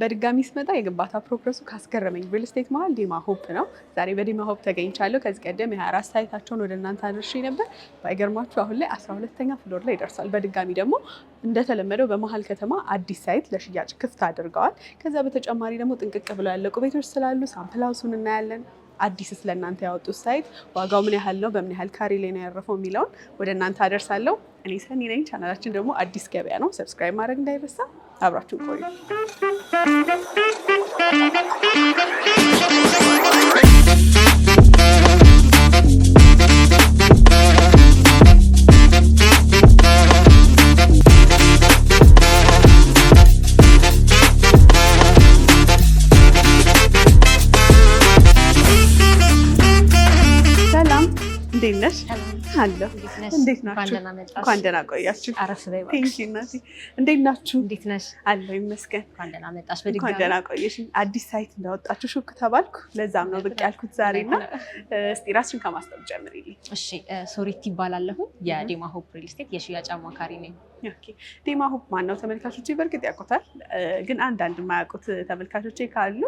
በድጋሚ ስመጣ የግንባታ ፕሮግረሱ ካስገረመኝ ሪል ስቴት መሀል ዲማ ሆፕ ነው። ዛሬ በዲማ ሆፕ ተገኝቻለሁ። ከዚህ ቀደም የ24 ሳይታቸውን ወደ እናንተ አድርሼ ነበር። ባይገርማችሁ አሁን ላይ 12ተኛ ፍሎር ላይ ይደርሳል። በድጋሚ ደግሞ እንደተለመደው በመሀል ከተማ አዲስ ሳይት ለሽያጭ ክፍት አድርገዋል። ከዚያ በተጨማሪ ደግሞ ጥንቅቅ ብለው ያለቁ ቤቶች ስላሉ ሳምፕል ሀውሱን እናያለን። አዲስ ስለእናንተ ያወጡት ሳይት ዋጋው ምን ያህል ነው፣ በምን ያህል ካሬ ላይ ነው ያረፈው የሚለውን ወደ እናንተ አደርሳለሁ። እኔ ሰኒ ነኝ። ቻናላችን ደግሞ አዲስ ገበያ ነው። ሰብስክራይብ ማድረግ እንዳይረሳ። አብራችሁ ቆዩ። Thank you. አለሁ። እንዴት ናችሁ? እንኳን ደህና ቆያችሁ። እንዴት ናችሁ? አለሁ ይመስገን። እንኳን ደህና ቆየሽ። አዲስ ሳይት እንዳወጣችሁ ሹክ ተባልኩ። ለዛም ነው ብቅ ያልኩት ዛሬ እና እስኪ እራስሽን ከማስታወቅ ጀምሪልኝ። እሺ፣ ሶሪት ይባላለሁ። የዴማ ሆፕ ሪል ስቴት የሽያጭ አማካሪ ነኝ። ዴማ ሆፕ ማን ነው? ተመልካቾቼ በእርግጥ ያውቁታል፣ ግን አንዳንድ የማያውቁት ተመልካቾች ካሉ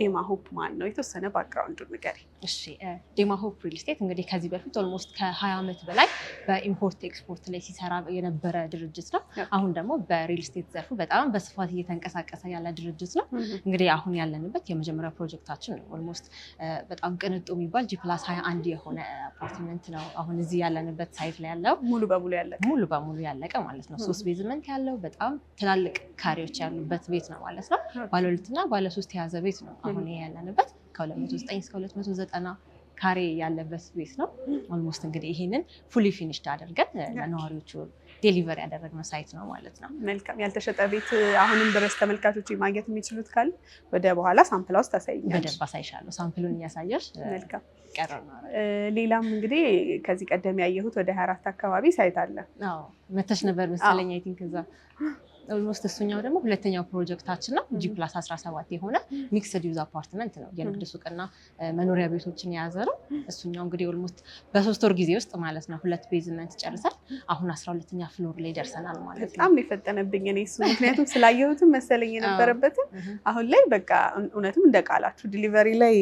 ዴማ ሆፕ ማን ነው የተወሰነ ባክግራውንዱ ንገሪኝ። እሺ፣ ዴማ ሆፕ ሪል ስቴት እንግዲህ ከዚህ በፊት ኦልሞስት ከሀያ ዓመት በላይ በኢምፖርት ኤክስፖርት ላይ ሲሰራ የነበረ ድርጅት ነው። አሁን ደግሞ በሪል ስቴት ዘርፉ በጣም በስፋት እየተንቀሳቀሰ ያለ ድርጅት ነው። እንግዲህ አሁን ያለንበት የመጀመሪያ ፕሮጀክታችን ነው። ኦልሞስት በጣም ቅንጡ የሚባል ፕላስ ሀያ አንድ የሆነ አፓርትመንት ነው። አሁን እዚህ ያለንበት ሳይት ላይ ያለው ሙሉ በሙሉ ያለቀ ሙሉ በሙሉ ያለቀ ማለት ነው። ሶስት ቤዝመንት ያለው በጣም ትላልቅ ካሬዎች ያሉበት ቤት ነው ማለት ነው። ባለሁለትና ባለሶስት የያዘ ቤት ነው አሁን ያለንበት ከ209 እስከ 290 ካሬ ያለበት ቤት ነው። ኦልሞስት እንግዲህ ይሄንን ፉሊ ፊኒሽድ አድርገን ለነዋሪዎቹ ዴሊቨር ያደረግነው ሳይት ነው ማለት ነው። መልካም ያልተሸጠ ቤት አሁንም ድረስ ተመልካቾች ማግኘት የሚችሉት ካለ ወደ በኋላ ሳምፕላ ውስጥ ታሳይኛለሽ። በደንብ አሳይሻለሁ። ሳምፕሉን እያሳየሽ መልካም ሌላም እንግዲህ ከዚህ ቀደም ያየሁት ወደ 24 አካባቢ ሳይት አለ መተሽ ነበር መሰለኝ አይ ቲንክ እዛ ኦልሞስት እሱኛው ደግሞ ሁለተኛው ፕሮጀክታችን ነው። ጂ ፕላስ 17 የሆነ ሚክስድ ዩዝ አፓርትመንት ነው። የንግድ ሱቅና መኖሪያ ቤቶችን የያዘ ነው። እሱኛው እንግዲህ ኦልሞስት በሶስት ወር ጊዜ ውስጥ ማለት ነው ሁለት ቤዝመንት ይጨርሳል። አሁን አስራ ሁለተኛ ፍሎር ላይ ደርሰናል ማለት ነው። በጣም የፈጠነብኝ እኔ እሱ ምክንያቱም ስላየሁትም መሰለኝ የነበረበትም አሁን ላይ በቃ እውነትም እንደ ቃላችሁ ዲሊቨሪ ላይ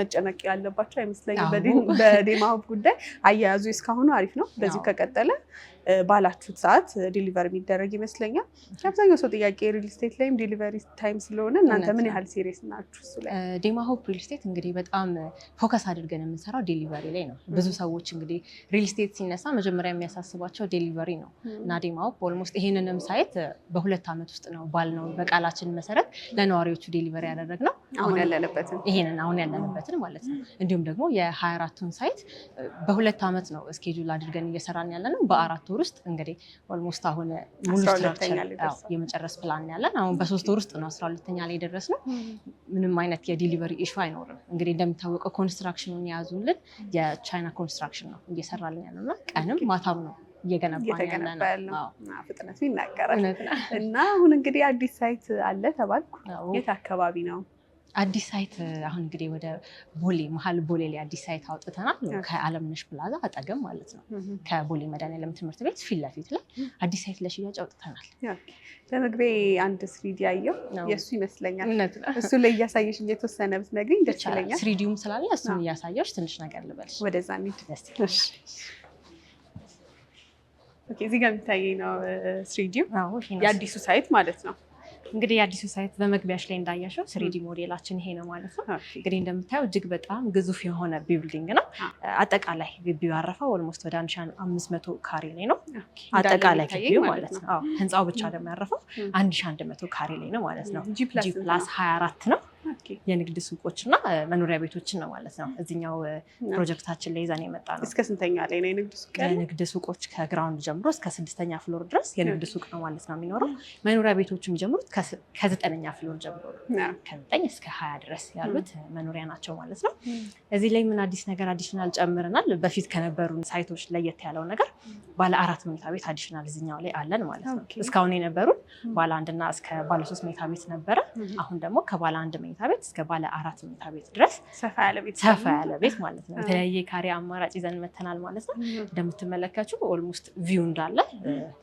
መጨነቅ ያለባቸው አይመስለኝም። በዴማ ሆፕ ጉዳይ አያያዙ እስካሁኑ አሪፍ ነው። በዚህ ከቀጠለ ባላችሁት ሰዓት ዲሊቨር የሚደረግ ይመስለኛል። አብዛኛው ሰው ጥያቄ ሪል ስቴት ላይም ዲሊቨሪ ታይም ስለሆነ እናንተ ምን ያህል ሲሪየስ ናችሁ እሱ ላይ? ዴማ ሆፕ ሪል ስቴት እንግዲህ በጣም ፎከስ አድርገን የምንሰራው ዲሊቨሪ ላይ ነው። ብዙ ሰዎች እንግዲህ ሪል ስቴት ሲነሳ መጀመሪያ የሚያሳስባቸው ያገኘናቸው ዴሊቨሪ ነው እና ዴማወቅ ኦልሞስት ይሄንንም ሳይት በሁለት ዓመት ውስጥ ነው ባልነው በቃላችን መሰረት ለነዋሪዎቹ ዴሊቨሪ ያደረግነው አሁን ያለንበትን ይሄንን አሁን ያለንበትን ማለት ነው። እንዲሁም ደግሞ የሀያ አራቱን ሳይት በሁለት ዓመት ነው እስኬጁል አድርገን እየሰራን ያለንም በአራት ወር ውስጥ እንግዲህ ኦልሞስት አሁን ሙሉ ስትራክቸር የመጨረስ ፕላን ያለን አሁን በሶስት ወር ውስጥ ነው አስራ ሁለተኛ ላይ የደረስነው። ምንም አይነት የዲሊቨሪ ኢሹ አይኖርም። እንግዲህ እንደሚታወቀው ኮንስትራክሽኑን የያዙልን የቻይና ኮንስትራክሽን ነው እየሰራልን ያለና ቀንም ማታም ነው እየገነባ ያለ ነው። ፍጥነቱ ይናገራል። እና አሁን እንግዲህ አዲስ ሳይት አለ ተባልኩ። የት አካባቢ ነው? አዲስ ሳይት አሁን እንግዲህ ወደ ቦሌ መሀል ቦሌ ላይ አዲስ ሳይት አውጥተናል። ከአለምነሽ ፕላዛ አጠገም ማለት ነው። ከቦሌ መድኃኒዓለም ትምህርት ቤት ፊት ለፊት ላይ አዲስ ሳይት ለሽያጭ አውጥተናል። አንድ ስሪዲ አየው የእሱ ይመስለኛል። እሱ ላይ እያሳየሽ የተወሰነ ብትነግሪኝ ደስ ይለኛል። ስሪዲውም ስላለ እሱን እያሳየሽ ትንሽ ነገር ልበልሽ። ወደዛ እዚህ ጋር የሚታየኝ ነው ስሪዲው የአዲሱ ሳይት ማለት ነው። እንግዲህ የአዲሱ ሳይት በመግቢያሽ ላይ እንዳያሸው ስሪዲ ሞዴላችን ይሄ ነው ማለት ነው። እንግዲህ እንደምታየው እጅግ በጣም ግዙፍ የሆነ ቢልዲንግ ነው። አጠቃላይ ግቢው ያረፈው ኦልሞስት ወደ አንድ መቶ ካሬ ላይ ነው። አጠቃላይ ግቢው ማለት ነው። ህንፃው ብቻ ደግሞ ያረፈው አንድ ሺህ ካሬ ላይ ነው ማለት ነው። ጂ ፕላስ ሀያ ነው የንግድ ሱቆች እና መኖሪያ ቤቶችን ነው ማለት ነው። እዚኛው ፕሮጀክታችን ላይ ይዘን የመጣ ነው። እስከ ስንተኛ ላይ ነው የንግድ ሱቅ? የንግድ ሱቆች ከግራውንድ ጀምሮ እስከ ስድስተኛ ፍሎር ድረስ የንግድ ሱቅ ነው ማለት ነው የሚኖረው። መኖሪያ ቤቶች የሚጀምሩት ከዘጠነኛ ፍሎር ጀምሮ ነው። ከዘጠኝ እስከ ሀያ ድረስ ያሉት መኖሪያ ናቸው ማለት ነው። እዚህ ላይ ምን አዲስ ነገር አዲሽናል ጨምረናል? በፊት ከነበሩ ሳይቶች ለየት ያለው ነገር ባለ አራት መኝታ ቤት አዲሽናል እዚኛው ላይ አለን ማለት ነው። እስካሁን የነበሩን ባለ አንድና እስከ ባለ ሶስት መኝታ ቤት ነበረ። አሁን ደግሞ ከባለ አንድ መኝታ ቤት እስከ ባለ አራት መኝታ ቤት ድረስ ሰፋ ያለ ቤት ማለት ነው። የተለያየ ካሬ አማራጭ ይዘን መተናል ማለት ነው። እንደምትመለከችው ኦልሞስት ቪው እንዳለ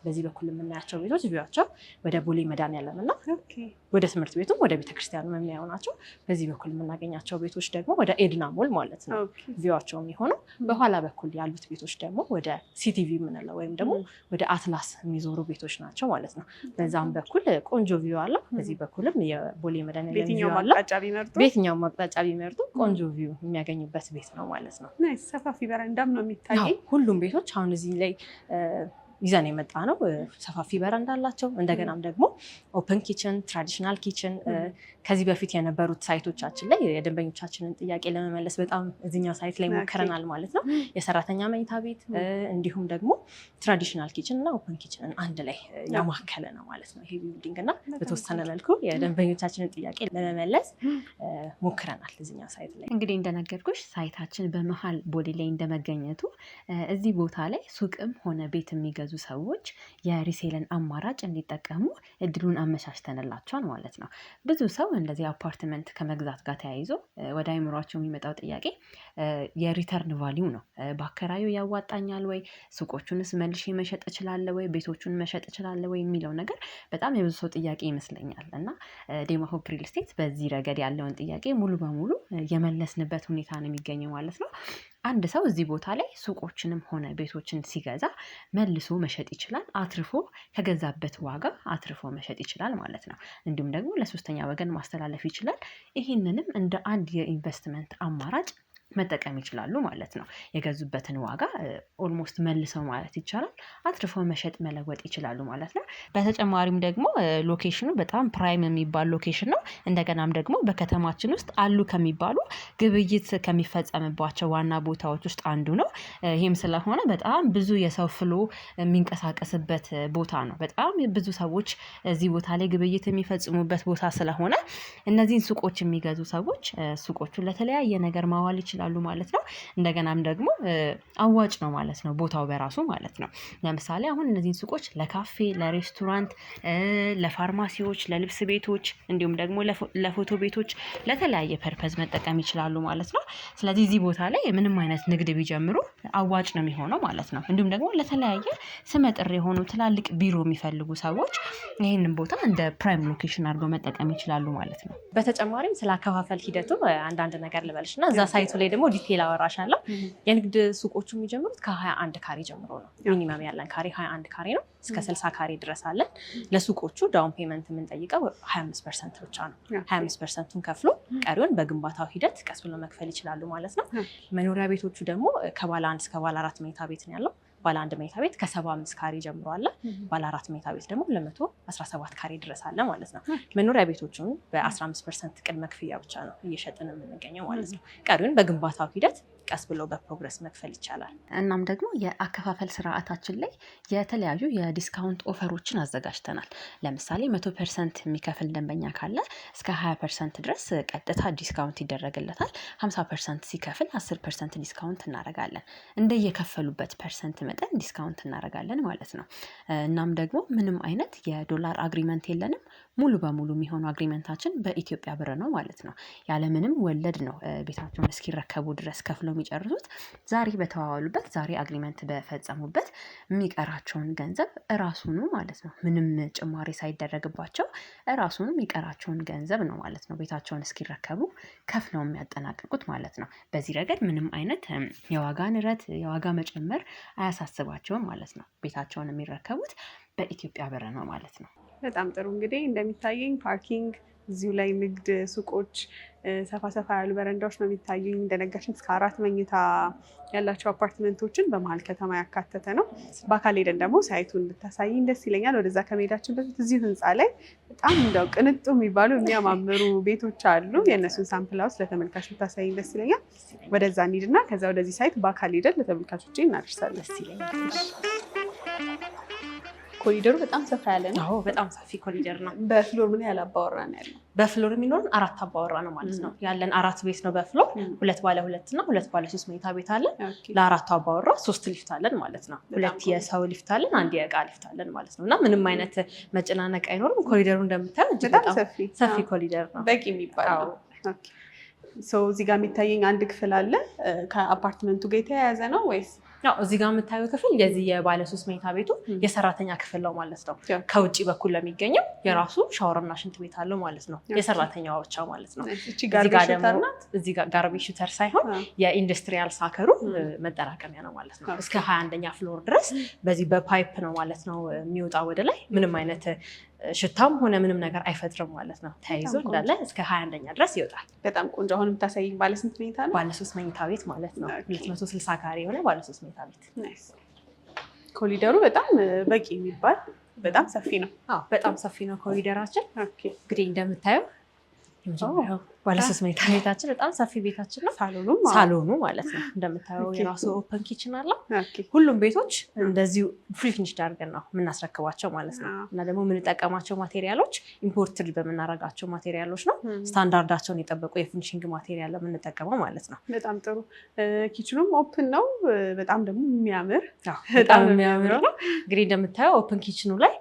በዚህ በኩል የምናያቸው ቤቶች ቪዋቸው ወደ ቦሌ መዳን ያለምና ወደ ትምህርት ቤቱም ወደ ቤተክርስቲያኑ የሚያዩ ናቸው። በዚህ በኩል የምናገኛቸው ቤቶች ደግሞ ወደ ኤድና ሞል ማለት ነው ቪዋቸው የሚሆነው። በኋላ በኩል ያሉት ቤቶች ደግሞ ወደ ሲቲቪ የምንለው ወይም ደግሞ ወደ አትላስ የሚዞሩ ቤቶች ናቸው ማለት ነው። በዛም በኩል ቆንጆ ቪ አለ። በዚህ በኩልም የቦሌ መድኃኒዓለም ቤትኛው አቅጣጫ ቢመርጡ ቆንጆ ቪ የሚያገኙበት ቤት ነው ማለት ነው። ሰፋፊ በረንዳም ነው የሚታየኝ። ሁሉም ቤቶች አሁን እዚህ ላይ ይዘን የመጣ ነው። ሰፋፊ በረንዳ አላቸው። እንደገናም ደግሞ ኦፕን ኪችን፣ ትራዲሽናል ኪችን ከዚህ በፊት የነበሩት ሳይቶቻችን ላይ የደንበኞቻችንን ጥያቄ ለመመለስ በጣም እዚኛው ሳይት ላይ ሞክረናል ማለት ነው። የሰራተኛ መኝታ ቤት እንዲሁም ደግሞ ትራዲሽናል ኪችን እና ኦፕን ኪችንን አንድ ላይ ያማከለ ነው ማለት ነው ይሄ ቢልዲንግ እና በተወሰነ መልኩ የደንበኞቻችንን ጥያቄ ለመመለስ ሞክረናል እዚኛው ሳይት ላይ። እንግዲህ እንደነገርኩሽ ሳይታችን በመሀል ቦሌ ላይ እንደመገኘቱ እዚህ ቦታ ላይ ሱቅም ሆነ ቤት የሚገ የያዙ ሰዎች የሪሴልን አማራጭ እንዲጠቀሙ እድሉን አመቻችተንላቸዋል ማለት ነው። ብዙ ሰው እንደዚህ አፓርትመንት ከመግዛት ጋር ተያይዞ ወደ አይምሯቸው የሚመጣው ጥያቄ የሪተርን ቫሊዩ ነው። በአከራዩ ያዋጣኛል ወይ፣ ሱቆቹንስ መልሼ መሸጥ እችላለሁ ወይ፣ ቤቶቹን መሸጥ እችላለሁ ወይ የሚለው ነገር በጣም የብዙ ሰው ጥያቄ ይመስለኛል እና ዴማ ሪል ስቴት በዚህ ረገድ ያለውን ጥያቄ ሙሉ በሙሉ የመለስንበት ሁኔታ ነው የሚገኘው ማለት ነው። አንድ ሰው እዚህ ቦታ ላይ ሱቆችንም ሆነ ቤቶችን ሲገዛ መልሶ መሸጥ ይችላል። አትርፎ ከገዛበት ዋጋ አትርፎ መሸጥ ይችላል ማለት ነው። እንዲሁም ደግሞ ለሶስተኛ ወገን ማስተላለፍ ይችላል። ይህንንም እንደ አንድ የኢንቨስትመንት አማራጭ መጠቀም ይችላሉ ማለት ነው። የገዙበትን ዋጋ ኦልሞስት መልሰው ማለት ይቻላል አትርፈው መሸጥ መለወጥ ይችላሉ ማለት ነው። በተጨማሪም ደግሞ ሎኬሽኑ በጣም ፕራይም የሚባል ሎኬሽን ነው። እንደገናም ደግሞ በከተማችን ውስጥ አሉ ከሚባሉ ግብይት ከሚፈጸምባቸው ዋና ቦታዎች ውስጥ አንዱ ነው። ይህም ስለሆነ በጣም ብዙ የሰው ፍሎ የሚንቀሳቀስበት ቦታ ነው። በጣም ብዙ ሰዎች እዚህ ቦታ ላይ ግብይት የሚፈጽሙበት ቦታ ስለሆነ እነዚህን ሱቆች የሚገዙ ሰዎች ሱቆቹን ለተለያየ ነገር ማዋል ይችላል ይችላሉ ማለት ነው። እንደገናም ደግሞ አዋጭ ነው ማለት ነው ቦታው በራሱ ማለት ነው። ለምሳሌ አሁን እነዚህን ሱቆች ለካፌ፣ ለሬስቶራንት፣ ለፋርማሲዎች፣ ለልብስ ቤቶች እንዲሁም ደግሞ ለፎቶ ቤቶች ለተለያየ ፐርፐዝ መጠቀም ይችላሉ ማለት ነው። ስለዚህ እዚህ ቦታ ላይ ምንም አይነት ንግድ ቢጀምሩ አዋጭ ነው የሚሆነው ማለት ነው። እንዲሁም ደግሞ ለተለያየ ስመጥር የሆኑ ትላልቅ ቢሮ የሚፈልጉ ሰዎች ይህንን ቦታ እንደ ፕራይም ሎኬሽን አድርገው መጠቀም ይችላሉ ማለት ነው። በተጨማሪም ስለ አከፋፈል ሂደቱ አንዳንድ ነገር ልበልሽ እና እዛ ሳይቱ ላይ ደግሞ ዲቴል አለው የንግድ ሱቆቹ የሚጀምሩት ከ21 ካሬ ጀምሮ ነው። ሚኒመም ያለን ካሬ 21 ካሬ ነው። እስከ 60 ካሬ ድረስ አለን። ለሱቆቹ ዳውን ፔመንት የምንጠይቀው 25 ፐርሰንት ብቻ ነው። 25 ፐርሰንቱን ከፍሎ ቀሪውን በግንባታው ሂደት ቀስ ብሎ መክፈል ይችላሉ ማለት ነው። መኖሪያ ቤቶቹ ደግሞ ከባለ አንድ እስከ ባለ አራት መኝታ ቤት ነው ያለው ባለ አንድ መኝታ ቤት ከሰባ አምስት ካሬ ጀምሮ አለ። ባለ አራት መኝታ ቤት ደግሞ ለመቶ አስራ ሰባት ካሬ ድረስ አለ ማለት ነው። መኖሪያ ቤቶቹን በአስራ አምስት ፐርሰንት ቅድመ ክፍያ ብቻ ነው እየሸጥን የምንገኘው ማለት ነው። ቀሪውን በግንባታው ሂደት ቀስ ብሎ በፕሮግረስ መክፈል ይቻላል። እናም ደግሞ የአከፋፈል ስርዓታችን ላይ የተለያዩ የዲስካውንት ኦፈሮችን አዘጋጅተናል። ለምሳሌ መቶ ፐርሰንት የሚከፍል ደንበኛ ካለ እስከ ሀያ ፐርሰንት ድረስ ቀጥታ ዲስካውንት ይደረግለታል። ሀምሳ ፐርሰንት ሲከፍል አስር ፐርሰንት ዲስካውንት እናደርጋለን። እንደየከፈሉበት ፐርሰንት መጠን ዲስካውንት እናደርጋለን ማለት ነው። እናም ደግሞ ምንም አይነት የዶላር አግሪመንት የለንም። ሙሉ በሙሉ የሚሆኑ አግሪመንታችን በኢትዮጵያ ብር ነው ማለት ነው። ያለምንም ወለድ ነው ቤታቸውን እስኪረከቡ ድረስ ከፍሎ የሚጨርሱት ዛሬ በተዋዋሉበት ዛሬ አግሪመንት በፈጸሙበት የሚቀራቸውን ገንዘብ እራሱኑ ማለት ነው። ምንም ጭማሪ ሳይደረግባቸው እራሱኑ የሚቀራቸውን ገንዘብ ነው ማለት ነው። ቤታቸውን እስኪረከቡ ከፍለው የሚያጠናቅቁት ማለት ነው። በዚህ ረገድ ምንም አይነት የዋጋ ንረት፣ የዋጋ መጨመር አያሳስባቸውም ማለት ነው። ቤታቸውን የሚረከቡት በኢትዮጵያ ብር ነው ማለት ነው። በጣም ጥሩ እንግዲህ እንደሚታየኝ ፓርኪንግ እዚሁ ላይ ንግድ ሱቆች፣ ሰፋ ሰፋ ያሉ በረንዳዎች ነው የሚታዩኝ። እንደነገርሽን እስከ አራት መኝታ ያላቸው አፓርትመንቶችን በመሀል ከተማ ያካተተ ነው። በአካል ሄደን ደግሞ ሳይቱን እንድታሳይኝ ደስ ይለኛል። ወደዛ ከመሄዳችን በፊት እዚሁ ህንፃ ላይ በጣም እንደው ቅንጡ የሚባሉ የሚያማምሩ ቤቶች አሉ። የእነሱን ሳምፕል ለተመልካች ብታሳይኝ ደስ ይለኛል። ወደዛ እንሂድና ከዛ ወደዚህ ሳይት በአካል ሄደን ለተመልካቾች እናደርሳለን። ደስ ይለኛል። ኮሪደሩ በጣም ሰፋ ያለ ነው። በጣም ሰፊ ኮሪደር ነው። በፍሎር ምን ያህል አባወራ ነው ያለው? በፍሎር የሚኖረን አራት አባወራ ነው ማለት ነው። ያለን አራት ቤት ነው በፍሎር ሁለት ባለ ሁለት እና ሁለት ባለ ሶስት መኝታ ቤት አለን። ለአራቱ አባወራ ሶስት ሊፍት አለን ማለት ነው። ሁለት የሰው ሊፍት አለን፣ አንድ የእቃ ሊፍት አለን ማለት ነው እና ምንም አይነት መጨናነቅ አይኖርም። ኮሪደሩ እንደምታየው በጣም ሰፊ ኮሪደር ነው። በቂ የሚባል ነው። እዚህ ጋር የሚታየኝ አንድ ክፍል አለ። ከአፓርትመንቱ ጋር የተያያዘ ነው ወይስ ያው እዚህ ጋር የምታየው ክፍል የዚህ የባለሶስት መኝታ ቤቱ የሰራተኛ ክፍል ነው ማለት ነው። ከውጭ በኩል ለሚገኘው የራሱ ሻወርና ሽንት ቤት አለው ማለት ነው። የሰራተኛዋ ብቻ ማለት ነው። እዚህ ጋርቤጅ ሹተር ሳይሆን የኢንዱስትሪያል ሳከሩ መጠራቀሚያ ነው ማለት ነው። እስከ ሀያ አንደኛ ፍሎር ድረስ በዚህ በፓይፕ ነው ማለት ነው የሚወጣ ወደ ላይ ምንም አይነት ሽታም ሆነ ምንም ነገር አይፈጥርም ማለት ነው። ተያይዞ እንዳለ እስከ ሀያ አንደኛ ድረስ ይወጣል። በጣም ቆንጆ። አሁን ምታሳይ ባለስንት መኝታ ነው? ባለሶስት መኝታ ቤት ማለት ነው። ሁለት መቶ ስልሳ ካሬ የሆነ ባለሶስት መኝታ ቤት። ኮሊደሩ በጣም በቂ የሚባል በጣም ሰፊ ነው። በጣም ሰፊ ነው ኮሪደራችን። እንግዲህ እንደምታየው የመጀመሪያው ባለሶስት መኝታ ቤታችን በጣም ሰፊ ቤታችን ነው። ሳሎኑ ማለት ነው እንደምታየው የራሱ ኦፐን ኪችን አለ። ሁሉም ቤቶች እንደዚሁ ፍሪ ፊኒሽድ አድርገን ነው የምናስረክባቸው ማለት ነው። እና ደግሞ የምንጠቀማቸው ማቴሪያሎች ኢምፖርትድ በምናረጋቸው ማቴሪያሎች ነው ስታንዳርዳቸውን የጠበቁ የፊኒሽንግ ማቴሪያል የምንጠቀመው ማለት ነው። በጣም ጥሩ። ኪችኑም ኦፕን ነው። በጣም ደግሞ የሚያምር በጣም የሚያምር ነው። እንግዲህ እንደምታየው ኦፕን ኪችኑ ላይ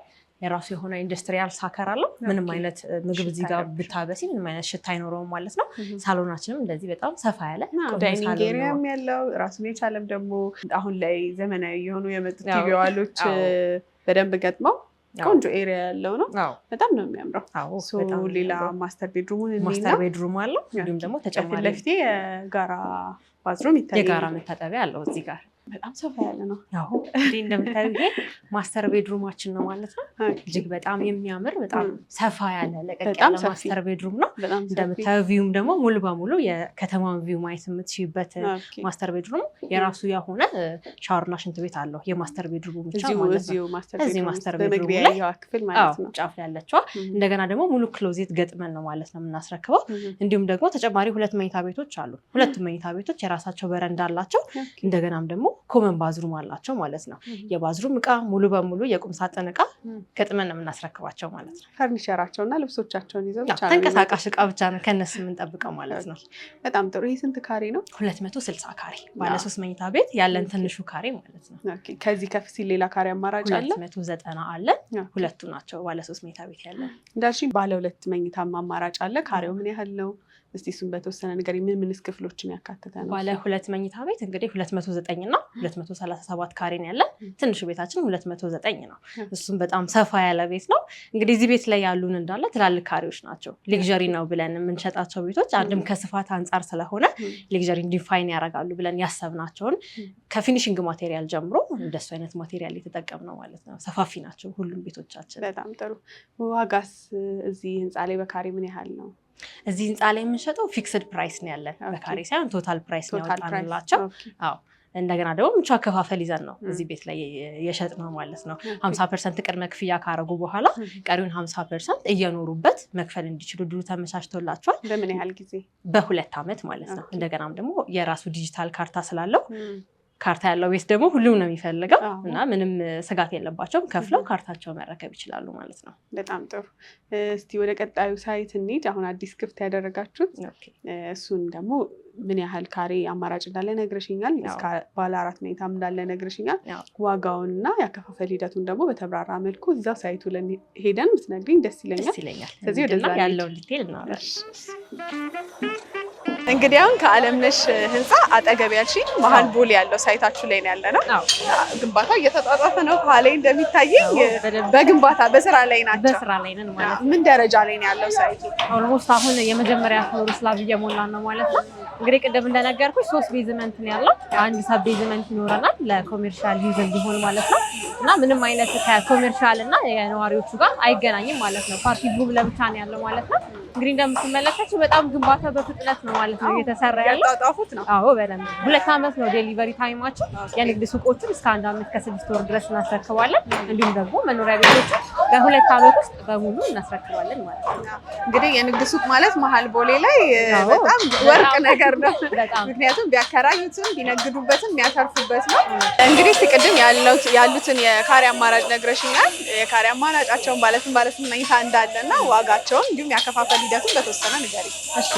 የራሱ የሆነ ኢንዱስትሪያል ሳከር አለው። ምንም አይነት ምግብ እዚህ ጋር ብታበሲ ምንም አይነት ሽታ አይኖረውም ማለት ነው። ሳሎናችንም እንደዚህ በጣም ሰፋ ያለ ዳይኒንግ ኤሪያም ያለው ራሱን የቻለም ደግሞ አሁን ላይ ዘመናዊ የሆኑ የመጡ ቲቪ ዋሎች በደንብ ገጥመው ቆንጆ ኤሪያ ያለው ነው። በጣም ነው የሚያምረው። ሌላ ማስተር ቤድሩሙን ማስተር ቤድሩም አለው። እንዲሁም ደግሞ ተጨማሪ ለፊቴ የጋራ ባዝሩም ይታያል። የጋራ መታጠቢያ አለው እዚህ ጋር በጣም ሰፋ ያለ ነው። ያው እንግዲህ እንደምታዩ ይሄ ማስተር ቤድሩማችን ነው ማለት ነው። እጅግ በጣም የሚያምር በጣም ሰፋ ያለ ለቀቅ ያለ ማስተር ቤድሩም ነው። እንደምታዩ ቪውም ደግሞ ሙሉ በሙሉ የከተማን ቪው ማየት የምትችይበት ማስተር ቤድሩም የራሱ የሆነ ሻወርና ሽንት ቤት አለው። የማስተር ቤድሩም ብቻ እዚህ ማስተር ቤድሩም ላይ ጫፍ ያለችዋ እንደገና ደግሞ ሙሉ ክሎዜት ገጥመን ነው ማለት ነው የምናስረክበው። እንዲሁም ደግሞ ተጨማሪ ሁለት መኝታ ቤቶች አሉ። ሁለቱም መኝታ ቤቶች የራሳቸው በረንዳ አላቸው። እንደገናም ደግሞ ኮመን ባዝሩም አላቸው ማለት ነው። የባዝሩም እቃ ሙሉ በሙሉ የቁም ሳጥን እቃ ገጥመን የምናስረክባቸው ማለት ነው። ፈርኒቸራቸው ልብሶቻቸውን ይዘው ተንቀሳቃሽ እቃ ብቻ ነው ከእነሱ የምንጠብቀው ማለት ነው። በጣም ጥሩ። ይህ ስንት ካሬ ነው? ሁለት መቶ ስልሳ ካሬ ባለሶስት መኝታ ቤት ያለን ትንሹ ካሬ ማለት ነው። ከዚህ ከፍ ሲል ሌላ ካሬ አማራጭ አለ። ሁለት መቶ ዘጠና አለን። ሁለቱ ናቸው ባለሶስት መኝታ ቤት ያለን። እንዳልሽኝ ባለ ሁለት መኝታም አማራጭ አለ። ካሬው ምን ያህል ነው? እስቲ እሱን በተወሰነ ነገር ምን ምንስ ክፍሎችን ያካተተ ነው? ባለ ሁለት መኝታ ቤት እንግዲህ ሁለት መቶ ዘጠኝ እና ሁለት መቶ ሰላሳ ሰባት ካሬን ያለ ትንሹ ቤታችን ሁለት መቶ ዘጠኝ ነው። እሱም በጣም ሰፋ ያለ ቤት ነው። እንግዲህ እዚህ ቤት ላይ ያሉን እንዳለ ትላልቅ ካሬዎች ናቸው። ሊግዠሪ ነው ብለን የምንሸጣቸው ቤቶች አንድም ከስፋት አንጻር ስለሆነ ሊግዠሪ ዲፋይን ያደርጋሉ ብለን ያሰብናቸውን ከፊኒሽንግ ማቴሪያል ጀምሮ እንደሱ አይነት ማቴሪያል ነው ማለት ነው። ሰፋፊ ናቸው ሁሉም ቤቶቻችን። በጣም ጥሩ። ዋጋስ እዚህ ህንፃ ላይ በካሬ ምን ያህል ነው? እዚህ ህንፃ ላይ የምንሸጠው ፊክስድ ፕራይስ ነው ያለን፣ በካሬ ሳይሆን ቶታል ፕራይስ ነው ያወጣንላቸው። አዎ እንደገና ደግሞ ምቹ አከፋፈል ይዘን ነው እዚህ ቤት ላይ የሸጥ ነው ማለት ነው። ሀምሳ ፐርሰንት ቅድመ ክፍያ ካረጉ በኋላ ቀሪውን ሀምሳ ፐርሰንት እየኖሩበት መክፈል እንዲችሉ ድሉ ተመቻችቶላቸዋል። በምን ያህል ጊዜ? በሁለት ዓመት ማለት ነው። እንደገናም ደግሞ የራሱ ዲጂታል ካርታ ስላለው ካርታ ያለው ቤት ደግሞ ሁሉም ነው የሚፈልገው እና ምንም ስጋት የለባቸውም። ከፍለው ካርታቸው መረከብ ይችላሉ ማለት ነው። በጣም ጥሩ። እስቲ ወደ ቀጣዩ ሳይት እንሂድ። አሁን አዲስ ክፍት ያደረጋችሁት እሱን ደግሞ ምን ያህል ካሬ አማራጭ እንዳለ ነግረሽኛል። ባለ አራት መኝታም እንዳለ ነግረሽኛል። ዋጋውን እና ያከፋፈል ሂደቱን ደግሞ በተብራራ መልኩ እዛው ሳይቱ ሄደን ብትነግሪኝ ደስ ይለኛል። ስለዚህ ወደዛ ያለውን ዲቴል እናወራለን። እንግዲህ አሁን ከአለምነሽ ህንፃ አጠገብ ያልሽ መሀል ቦሌ ያለው ሳይታችሁ ላይ ነው ያለ ነው። ግንባታው እየተጧጧፈ ነው ከላይ እንደሚታየኝ። በግንባታ በስራ ላይ ናቸው። በስራ ላይ ነን ማለት ነው። ምን ደረጃ ላይ ነው ያለው ሳይቱ? ኦልሞስት አሁን የመጀመሪያ ፍሎር ስላብ እየሞላ ነው ማለት ነው። እንግዲህ ቅድም እንደነገርኩሽ ሶስት ቤዝመንት ነው ያለው። አንድ ሰብ ቤዝመንት ይኖረናል ለኮሜርሻል ዩዝ እንዲሆን ማለት ነው እና ምንም አይነት ከኮሜርሻል እና የነዋሪዎቹ ጋር አይገናኝም ማለት ነው። ፓርቲ ፓርኪንግ ለብቻ ነው ያለው ማለት ነው። እንግዲህ እንደምትመለከቱ በጣም ግንባታ በፍጥነት ነው ማለት ነው እየተሰራ ያለው። አዎ በደንብ ሁለት ዓመት ነው ዴሊቨሪ ታይማችን። የንግድ ሱቆቹን እስከ አንድ ዓመት ከስድስት ወር ድረስ እናስረክባለን። እንዲሁም ደግሞ መኖሪያ ቤቶችን በሁለት ዓመት ውስጥ በሙሉ እናስረክባለን ማለት ነው። እንግዲህ የንግድ ሱቅ ማለት መሀል ቦሌ ላይ በጣም ወርቅ ነገር ነው። ምክንያቱም ቢያከራዩትም ቢነግዱበትም የሚያተርፉበት ነው። እንግዲህ ሲቅድም ያሉትን የካሬ አማራጭ ነግረሽኛል። የካሬ አማራጫቸውን ባለስም ባለስም መኝታ እንዳለና ዋጋቸውን እንዲሁም ያከፋፈል ሂደቱን በተወሰነ ንገሪኝ። እሺ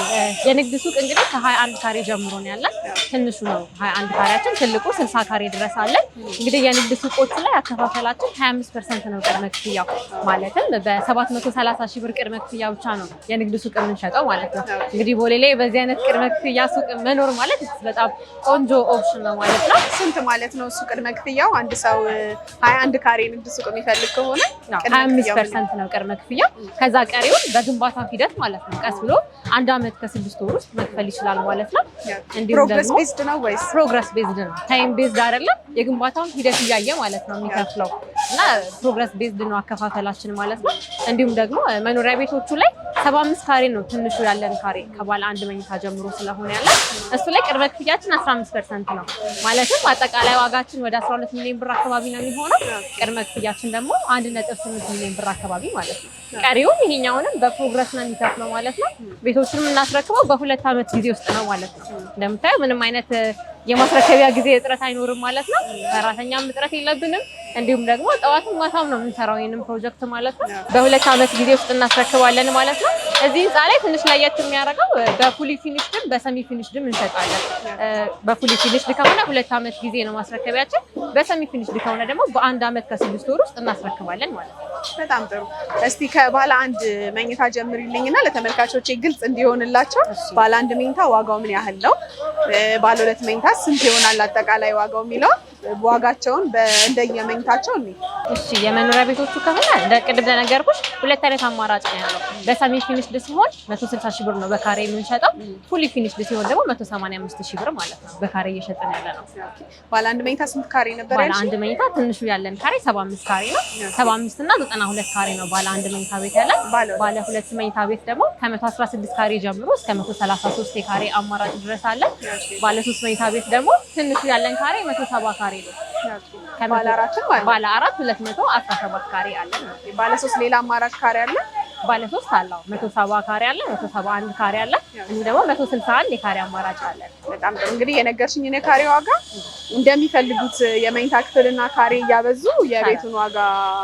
የንግድ ሱቅ እንግዲህ ከሀያ አንድ ካሬ ጀምሮ ነው ያለን። ትንሹ ነው ሀያ አንድ ካሬያችን፣ ትልቁ ስልሳ ካሬ ድረስ አለን። እንግዲህ የንግድ ሱቆቹ ላይ አከፋፈላችን ሀያ አምስት ፐርሰንት ነው ቅድመ ክፍያው ማለትም በ730 ሺህ ብር ቅድመ ክፍያ ብቻ ነው የንግድ ሱቅ የምንሸጠው ማለት ነው። እንግዲህ ቦሌ ላይ በዚህ አይነት ቅድመ ክፍያ ሱቅ መኖር ማለት በጣም ቆንጆ ኦፕሽን ነው ማለት ነው። ስንት ማለት ነው እሱ ቅድመ ክፍያው? አንድ ሰው 21 ካሬ ንግድ ሱቅ የሚፈልግ ከሆነ 25 ፐርሰንት ነው ቅድመ ክፍያ። ከዛ ቀሪውን በግንባታ ሂደት ማለት ነው ቀስ ብሎ አንድ አመት ከስድስት ወር ውስጥ መክፈል ይችላል ማለት ነው። ፕሮግረስ ቤዝድ ነው ወይስ ፕሮግረስ ቤዝድ ነው? ታይም ቤዝድ አይደለም። የግንባታውን ሂደት እያየ ማለት ነው የሚከፍለው እና ፕሮግረስ ቤዝድ ነው አከፋፈላችን ማለት ነው። እንዲሁም ደግሞ መኖሪያ ቤቶቹ ላይ ሰባ አምስት ካሬ ነው ትንሹ ያለን ካሬ ከባለ አንድ መኝታ ጀምሮ ስለሆነ ያለን እሱ ላይ ቅድመ ክፍያችን አስራ አምስት ፐርሰንት ነው ማለትም አጠቃላይ ዋጋችን ወደ አስራ ሁለት ሚሊዮን ብር አካባቢ ነው የሚሆነው። ቅድመ ክፍያችን ደግሞ አንድ ነጥብ ስምንት ሚሊዮን ብር አካባቢ ማለት ነው። ቀሪውን ይሄኛውንም በፕሮግረስ ነው የሚከፍለው ማለት ነው። ቤቶችንም የምናስረክበው በሁለት ዓመት ጊዜ ውስጥ ነው ማለት ነው። እንደምታየው ምንም አይነት የማስረከቢያ ጊዜ እጥረት አይኖርም ማለት ነው። ሰራተኛም እጥረት የለብንም። እንዲሁም ደግሞ ጠዋትም ማታም ነው የምንሰራው ይህንን ፕሮጀክት ማለት ነው። በሁለት ዓመት ጊዜ ውስጥ እናስረክባለን ማለት ነው። እዚህ ህንፃ ላይ ትንሽ ለየት የሚያደርገው በፉሊ ፊኒሽድም በሰሚ ፊኒሽድም እንሰጣለን። በፉሊ ፊኒሽድ ከሆነ ሁለት ዓመት ጊዜ ነው ማስረከቢያችን። በሰሚ ፊኒሽድ ከሆነ ደግሞ በአንድ ዓመት ከስድስት ወር ውስጥ እናስረክባለን ማለት ነው። በጣም ጥሩ። እስቲ ከባለ አንድ መኝታ ጀምሪልኝና ለተመልካቾቼ ግልጽ እንዲሆንላቸው ባለ አንድ መኝታ ዋጋው ምን ያህል ነው? ባለ ሁለት መኝታ ስንት ይሆናል አጠቃላይ ዋጋው የሚለው ዋጋቸውን እንደየመኝታቸው እኔ እሺ የመኖሪያ ቤቶቹ ከሆነ እንደ ቅድም ለነገርኩሽ ሁለት አይነት አማራጭ ነው ያለው። በሰሜን ፊኒሽድ ሲሆን 160 ሺህ ብር ነው በካሬ የምንሸጠው። ፉሊ ፊኒሽድ ሲሆን ደግሞ 185 ሺህ ብር ማለት ነው በካሬ እየሸጠን ያለ ነው። ባለ አንድ መኝታ ስንት ካሬ ነበር ባለ አንድ መኝታ ትንሹ ያለን ካሬ 75 ካሬ ነው። 75 እና 92 ካሬ ነው ባለ አንድ መኝታ ቤት ያለን። ባለ ሁለት መኝታ ቤት ደግሞ ከ116 ካሬ ጀምሮ እስከ 133 የካሬ አማራጭ ድረስ አለን። ባለ ሶስት መኝታ ቤት ደግሞ ትንሹ ያለን ካሬ 170 ካሬ ነው። ባለ አራት ሁለት መቶ አስራ ሰባት ካሬ አለ። ባለ ሶስት ሌላ አማራጭ ካሬ አለ ባለ ሶስት አለው መቶ ሰባ ካሬ አለ፣ መቶ ሰባ አንድ ካሬ አለ። እዚህ ደግሞ መቶ ስልሳ አንድ የካሬ አማራጭ አለ። በጣም ጥሩ እንግዲህ የነገርሽኝን የካሬ ዋጋ እንደሚፈልጉት የመኝታ ክፍልና ካሬ እያበዙ የቤቱን ዋጋ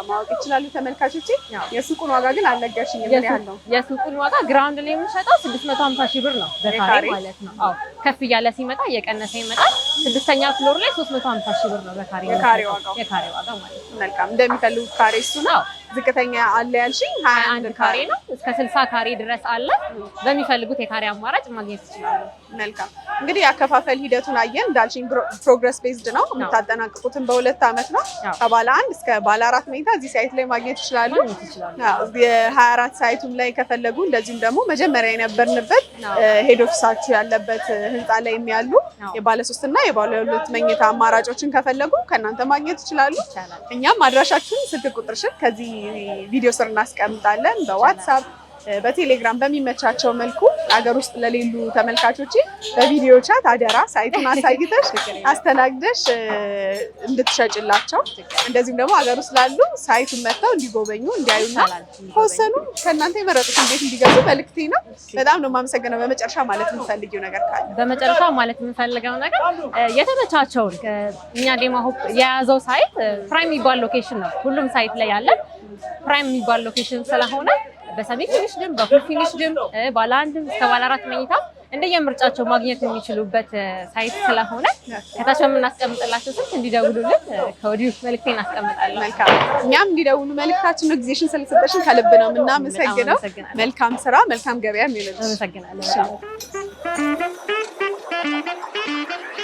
ማወቅ ይችላሉ ተመልካቾች። የሱቁን ዋጋ ግን አልነገርሽኝም። ምን ያህል ነው የሱቁን ዋጋ? ግራውንድ ላይ የምንሸጠው ስድስት መቶ ሀምሳ ሺህ ብር ነው በካሬ ማለት ነው። አዎ ከፍ እያለ ሲመጣ እየቀነሰ ይመጣል። ስድስተኛ ፍሎር ላይ ሶስት መቶ ሀምሳ ሺህ ብር ነው በካሬ የካሬ ዋጋ ማለት ነው። መልካም እንደሚፈልጉት ካሬ እሱ ነው ዝቅተኛ አለ ያልሽኝ ሀያ አንድ ካሬ ነው። እስከ ስልሳ ካሬ ድረስ አለ። በሚፈልጉት የካሬ አማራጭ ማግኘት ይችላሉ። መልካም እንግዲህ ያከፋፈል ሂደቱን አየን። እንዳልሽኝ ፕሮግረስ ቤዝድ ነው። የምታጠናቅቁትን በሁለት አመት ነው። ከባለ አንድ እስከ ባለ አራት መኝታ እዚህ ሳይት ላይ ማግኘት ይችላሉ። የሀያ አራት ሳይቱም ላይ ከፈለጉ እንደዚሁም ደግሞ መጀመሪያ የነበርንበት ሄድ ኦፊሳችሁ ያለበት ህንፃ ላይ የሚያሉ የባለሶስትና የባለሁለት መኝታ አማራጮችን ከፈለጉ ከእናንተ ማግኘት ይችላሉ። እኛም አድራሻችን ስልክ ቁጥርሽን ከዚህ ቪዲዮ ስር እናስቀምጣለን በዋትሳፕ በቴሌግራም በሚመቻቸው መልኩ አገር ውስጥ ለሌሉ ተመልካቾች በቪዲዮ ቻት አደራ ሳይቱን አሳይተሽ አስተናግደሽ እንድትሸጭላቸው፣ እንደዚሁም ደግሞ አገር ውስጥ ላሉ ሳይቱን መጥተው እንዲጎበኙ እንዲያዩና ከወሰኑ ከእናንተ የመረጡትን ቤት እንዲገዙ መልክቴ ነው። በጣም ነው የማመሰግነው። በመጨረሻ ማለት የምፈልጊው ነገር ካለ በመጨረሻ ማለት የምፈልገው ነገር የተመቻቸውን እኛ ዴማ ሆፕ የያዘው ሳይት ፕራይም የሚባል ሎኬሽን ነው። ሁሉም ሳይት ላይ ያለን ፕራይም የሚባል ሎኬሽን ስለሆነ በሰሚ ፊኒሽድም በፉል ፊኒሽድም ባለ አንድም እስከ ባለ አራት መኝታ እንደየምርጫቸው ማግኘት የሚችሉበት ሳይት ስለሆነ ከታች በምናስቀምጥላቸው ስልክ እንዲደውሉልን ከወዲሁ መልክቴ እናስቀምጣለን። መልካም እኛም እንዲደውሉ መልክታችን ነው። ጊዜሽን ስለሰጠሽን ከልብ ነው የምናመሰግነው። መልካም ስራ፣ መልካም ገበያ የሚሆንልሽ። አመሰግናለን።